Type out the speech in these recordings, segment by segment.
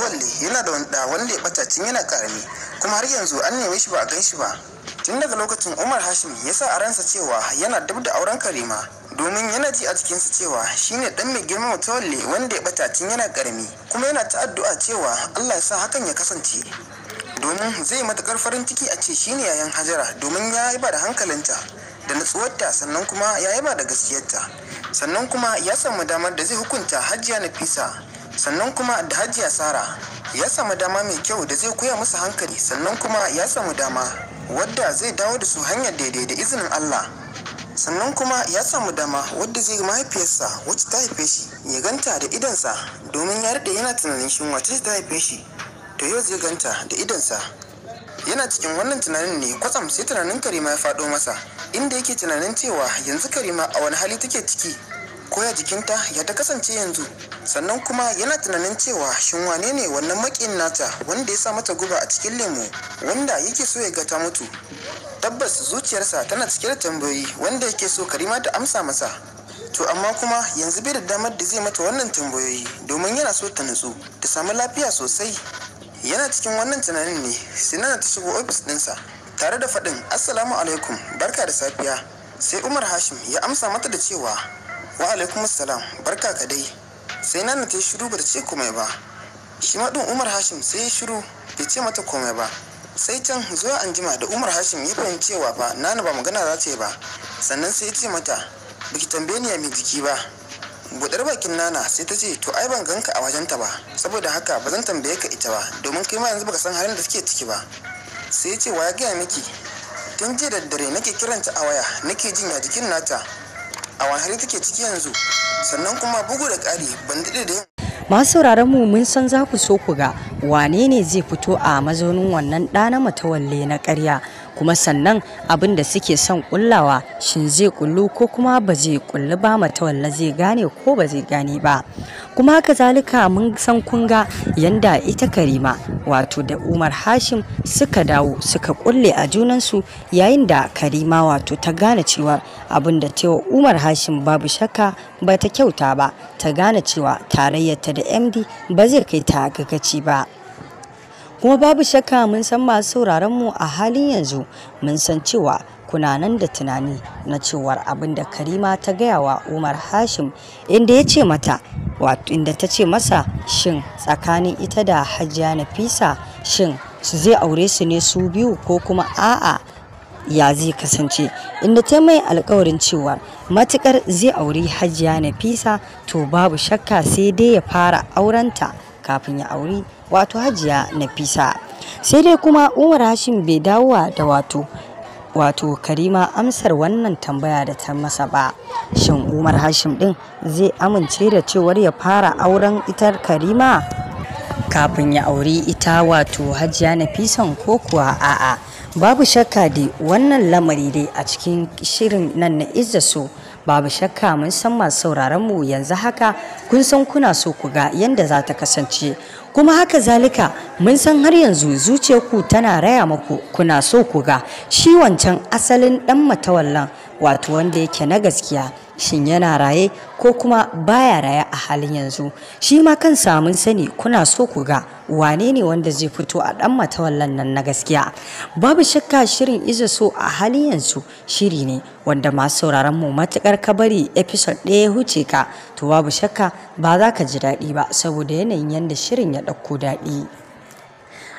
matawalle yana da wanda wanda ya bata cin yana karami kuma har yanzu an neme shi ba a gan shi ba tun daga lokacin umar hashim ya sa a ransa cewa yana dab da auren karima domin yana ji a jikinsa cewa shine dan mai girma matawalle wanda ya bata cin yana karami kuma yana ta addu'a cewa allah ya sa hakan ya kasance domin zai matukar farin ciki a ce shine yayan hajara domin ya yi ba da hankalinta da natsuwarta sannan kuma ya yi ba da gaskiyarta sannan kuma ya samu damar da zai hukunta na nafisa sannan kuma da hajiya sara ya samu dama mai kyau da zai koya musu hankali sannan kuma ya samu dama wadda zai dawo da su hanyar daidai da izinin allah sannan kuma ya samu dama wadda zai mahaifiyarsa wacce ta haife shi ya ganta da idansa domin ya daɗe yana tunanin shin wacce ta haife shi to yau zai ganta da idansa yana cikin wannan tunanin ne kwatsam sai tunanin karima ya faɗo masa inda yake tunanin cewa yanzu karima a wani hali take ciki koya jikinta ya ta kasance yanzu sannan kuma yana tunanin cewa shin wane ne wannan makin nata wanda ya sa mata guba a cikin lemu wanda yake so ya ga ta mutu tabbas zuciyarsa tana cike da tambayoyi wanda yake so karima ta amsa masa to amma kuma yanzu bai da damar da zai mata wannan tambayoyi domin yana so ta nutsu ta samu lafiya sosai yana cikin wannan tunanin ne sinana ta shigo ofis dinsa tare da faɗin assalamu alaikum barka da safiya sai umar hashim ya amsa mata da cewa wa alaikum salam barka ka dai sai nana ta yi shiru ba ce komai ba shi maɗin umar hashim sai ya shiru bai ce mata komai ba sai can zuwa anjima da umar hashim ya fahimcewa ba nana ba magana za ta yi ba sannan sai ya ce mata baki tambaye ni ya mai jiki ba budar bakin nana sai ta ce to ai ban ganka a wajenta ba saboda haka ba zan tambaye ka ita ba domin kai ma yanzu baka san halin da suke ciki ba sai ya ce wa ya gaya miki tun jiya da dare nake kiranta a waya nake jin ya jikin nata a wani take ciki yanzu sannan kuma bugu da ƙari ban daɗe da yin masu mu mun san za ku so ku ga wane ne zai fito a mazaunin wannan ɗa na matawalle na ƙarya kuma sannan abin da suke son kullawa shin zai kullu ko kuma ba zai kullu ba matawalla zai gane ko ba zai gane ba kuma haka zalika mun san kun ga yanda ita karima wato da umar hashim suka dawo suka kulle a junansu yayin da karima wato ta gane cewa abin da wa umar hashim babu shakka ba ta kyauta ba ta gane cewa tarayyarta da da md ba zai kai ta gagaci ba kuma babu shakka mun san masu sauraron mu a halin yanzu mun san cewa kuna nan da tunani na cewar abin da karima ta gaya wa umar hashim inda ya ce mata wato inda ta ce masa shin tsakanin ita da na fisa shin su zai aure su ne su biyu ko kuma a'a ya zai kasance inda ta mai alkawarin cewa matukar zai auri hajiya nafisa to babu shakka sai dai ya fara aurenta kafin ya auri wato hajiya nafisa sai dai kuma umar hashim bai dawowa da wato wato karima amsar wannan tambaya da ta masa ba shin umar hashim din zai amince da cewar ya fara auren itar karima kafin ya auri ita wato hajiya Nafisa ko kuwa a'a babu shakka dai wannan lamari dai a cikin shirin nan na izza so babu shakka mun san masu sauraron mu yanzu haka kun san kuna so ku ga yanda za ta kasance kuma haka zalika mun san har yanzu zuciyarku tana raya muku kuna so ku ga shi wancan asalin dan matawallan wato wanda yake na gaskiya shin yana raye ko kuma baya raye a halin yanzu shi ma kan samun sani kuna so ku ga wane ne wanda zai fito a dan matawallan nan na gaskiya babu shakka shirin iza so a halin yanzu shiri ne wanda masu sauraron mu matukar bari episode ɗaya huce ka to babu shakka ba za ka ji daɗi ba saboda yanayin yadda shirin ya ɗauko daɗi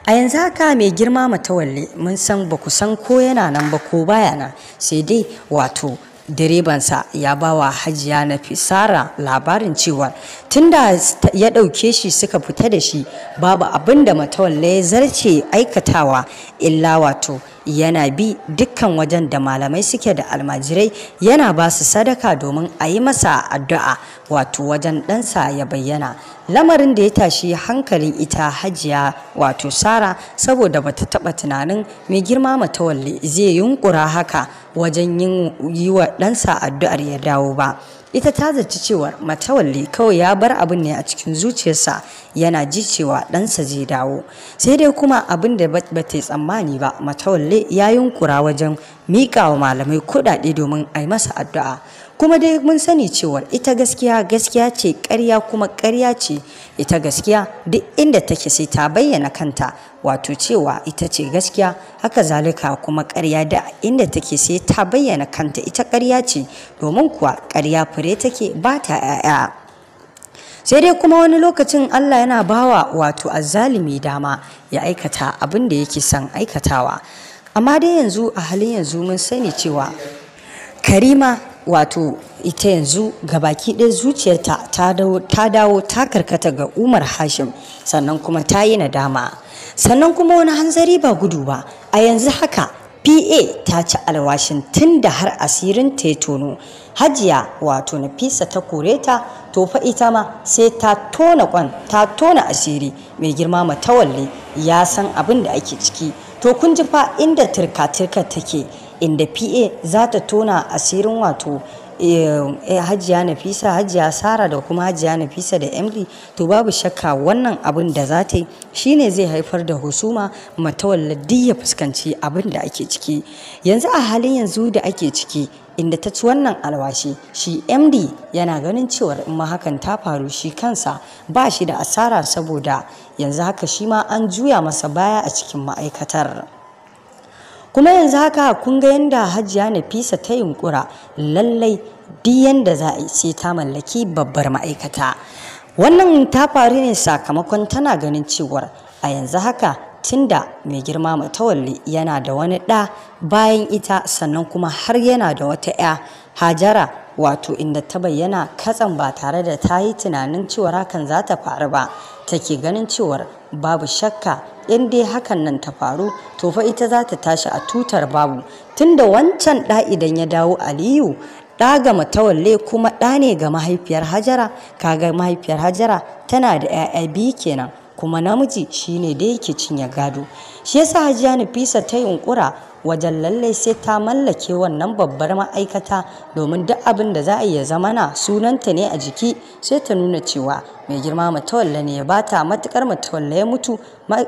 a yanzu haka mai girma matawalle mun san ba ku san ko yana nan ba ko baya nan sai dai wato direbansa ya ba wa hajiya na fisara labarin cewa tunda ya ɗauke shi suka fita da shi babu abin da matawalle ya zarce aikatawa illa wato yana bi dukkan wajen da malamai suke da almajirai yana ba su sadaka domin a yi masa addu'a wato wajen ɗansa ya bayyana lamarin da ya tashi hankali ita hajiya wato sara saboda bata taɓa tunanin mai girma matawalle zai yunkura haka wajen yi wa ɗansa addu'ar ya dawo ba ita ta zaci cewa matawalli kawai ya bar abin ne a cikin zuciyarsa yana ji cewa ɗansa zai dawo sai dai kuma abin da ba ta tsammani ba matawalli ya yunkura wajen miƙawa malamai kuɗaɗe domin a yi masa addu'a kuma dai mun sani cewa ita gaskiya gaskiya ce ƙarya kuma ƙarya ce ita gaskiya duk inda take sai ta bayyana kanta wato cewa ita ce gaskiya haka zalika kuma ƙarya da inda take sai ta bayyana kanta ita ƙarya ce domin kuwa ƙarya fure take ba ta 'ya'ya sai dai kuma wani lokacin Allah yana bawa wato azzalimi dama ya aikata abin da yake son aikatawa amma dai yanzu a halin yanzu mun sani cewa karima wato ita yanzu ga baki ɗaya zuciyarta ta dawo ta karkata ga umar hashim sannan kuma ta yi nadama sannan kuma wani hanzari ba gudu ba a yanzu haka pa ta ci alwashin tun da har asirin ta ya tono hajiya wato nafisa ta kore ta to fa ita ma sai ta tona kwan ta tona asiri mai girma matawalle ya san abin da ake ciki to kun ji fa inda turka-turka take inda pa za ta tona asirin wato eh, eh, hajiya nafisa hajiya sara da kuma hajiya nafisa da emily to babu shakka wannan abin da za ta yi shine zai haifar da husuma matawalladi ya fuskanci abin da ake ciki yanzu a halin yanzu da ake ciki inda ta ci wannan alwashi shi md yana ganin cewar in ma hakan ta faru shi kansa ba shi da asara saboda yanzu haka shi ma an juya masa baya a cikin ma'aikatar. kuma yanzu haka kun ga yadda hajiya nafisa ta yunkura lallai duk yadda za a ce ta mallaki babbar ma'aikata wannan ta faru ne sakamakon tana ganin cewar a yanzu haka tunda mai girma matawalli yana da wani ɗa bayan ita sannan kuma har yana da wata 'ya hajara wato inda ta bayyana katsan ba tare da ta yi tunanin cewar hakan za ta faru ba take ganin cewar babu shakka in dai hakan nan ta faru to fa ita za ta tashi a tutar babu tunda wancan ɗa idan ya dawo aliyu ɗa ga matawalle kuma ɗa ne ga mahaifiyar hajara kaga mahaifiyar hajara tana da 'ya'ya biyu kenan kuma namiji shine da yake cinye gado shi yasa hajiya nafisa ta yi unkura wajen lallai sai ta mallake wannan babbar ma'aikata domin duk abin da za a iya zama na sunanta ne a jiki sai ta nuna cewa mai girma matawalla ne ya bata matukar matawalla ya mutu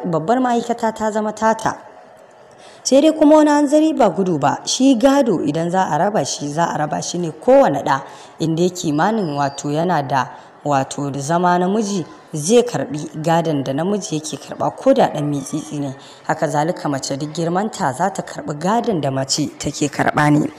babbar ma'aikata ta zama tata sai dai kuma wani hanzari ba gudu ba shi gado idan za a raba shi za a raba shi ne kowane ɗa inda kimanin wato yana da wato da zama namiji zai karbi gadon da namiji yake karba ko da dan mitsitsi ne haka zalika mace duk girmanta za ta karbi gadon da mace take karba ne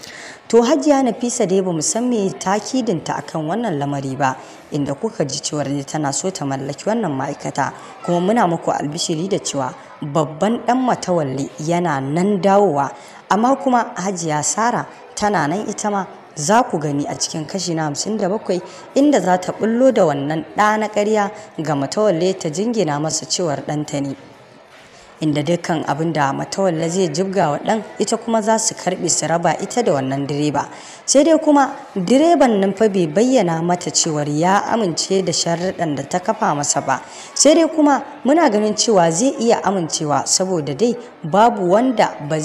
to hajiya nafisa dai bamu san me takidinta akan wannan lamari ba inda kuka ji cewar ne tana so ta mallaki wannan ma'aikata kuma muna muku albishiri da cewa babban dan matawalli yana nan dawowa amma kuma hajiya sara tana nan ita ma za ku gani a cikin kashi na 57 inda za ta bullo da wannan ɗa na ƙarya ga matawalle ta jingina masa cewar ɗanta ne. inda dukkan abin da matawalla zai jibga wa ɗan ita kuma za su karbi su raba ita da wannan direba sai dai kuma direban nan fa bai bayyana mata cewar ya amince da sharuɗan da ta kafa masa ba sai dai kuma muna ganin cewa zai iya amincewa saboda dai babu wanda ba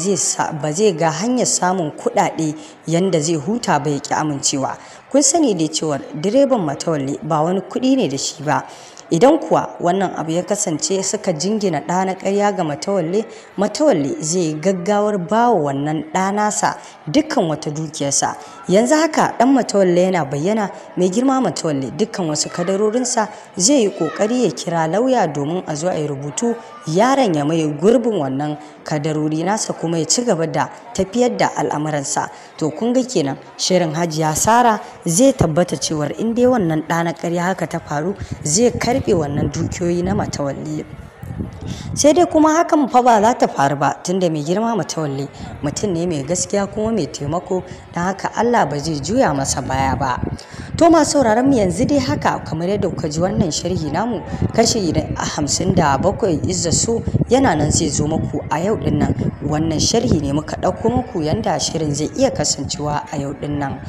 zai ga hanyar samun kuɗaɗe yanda zai huta ba ya amincewa kun sani da cewar direban Matawalle ba wani kuɗi ne da shi ba idan kuwa wannan abu ya kasance suka jingina ɗa na ƙarya ga matawalle matawalle zai gaggawar bawa wannan ɗanasa nasa dukkan wata dukiyarsa yanzu haka ɗan matawalle yana bayyana mai girma matawalle dukkan wasu kadarorinsa zai yi ƙoƙari ya kira lauya domin a zo a yi rubutu yaron ya mai gurbin wannan kadarori nasa kuma ya ci gaba da tafiyar da al'amuransa to kun ga kenan shirin hajiya sara zai tabbata cewar in dai wannan ɗa na ƙarya haka ta faru zai kar rufe wannan dukiyoyi na matawalli sai dai kuma hakan fa ba za ta faru ba tunda mai girma matawalle mutum ne mai gaskiya kuma mai taimako don haka Allah ba zai juya masa baya ba to masu sauraron mu yanzu dai haka kamar yadda kuka ji wannan sharhi namu kashi hamsin da bakwai izza so yana nan zai zo muku a yau din nan wannan sharhi ne muka ɗauko muku yanda shirin zai iya kasancewa a yau din nan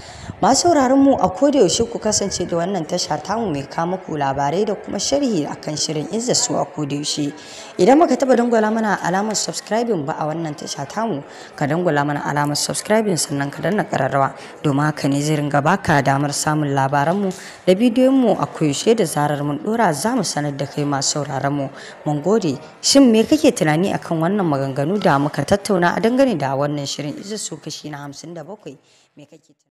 masu sauraron mu a koda yaushe ku kasance da wannan tasha tamu mai kawo muku labarai da kuma sharhi akan shirin izza so a kodayaushe. idan baka taba dangwala mana alamar subscribing ba a wannan tasha tamu ka dangwala mana alamar subscribing sannan ka danna kararrawa domin haka ne zai ringa baka damar samun labaranmu da bidiyon mu a koyaushe da zarar mun dora za mu sanar da kai masu sauraron mu mun gode shin me kake tunani akan wannan maganganu da muka tattauna a dangane da wannan shirin isa so kashi na 57 me kake